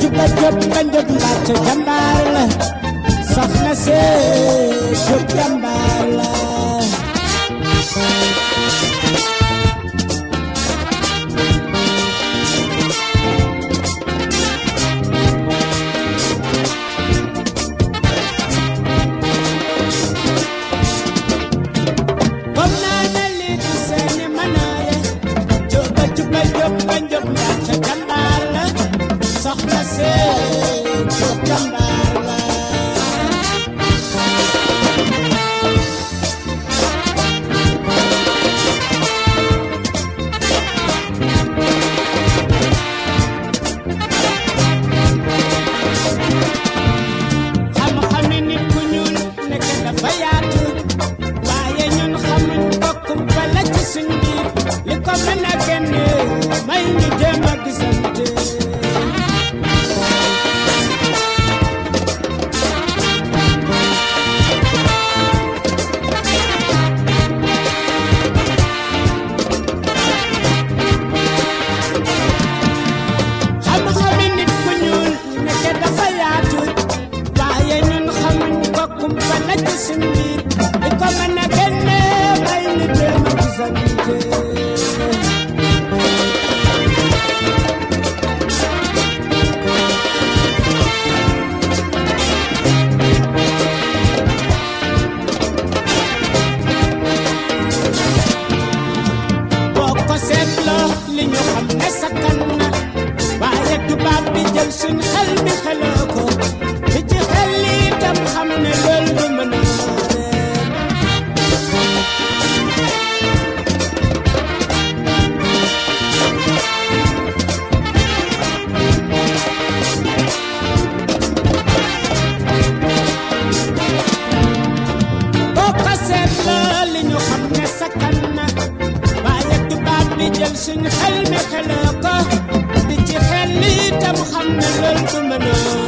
jubba jot ba njot mbaat ca jàmbaar la soxna see jot jàmbaar la Hey, come back. el fulmenor.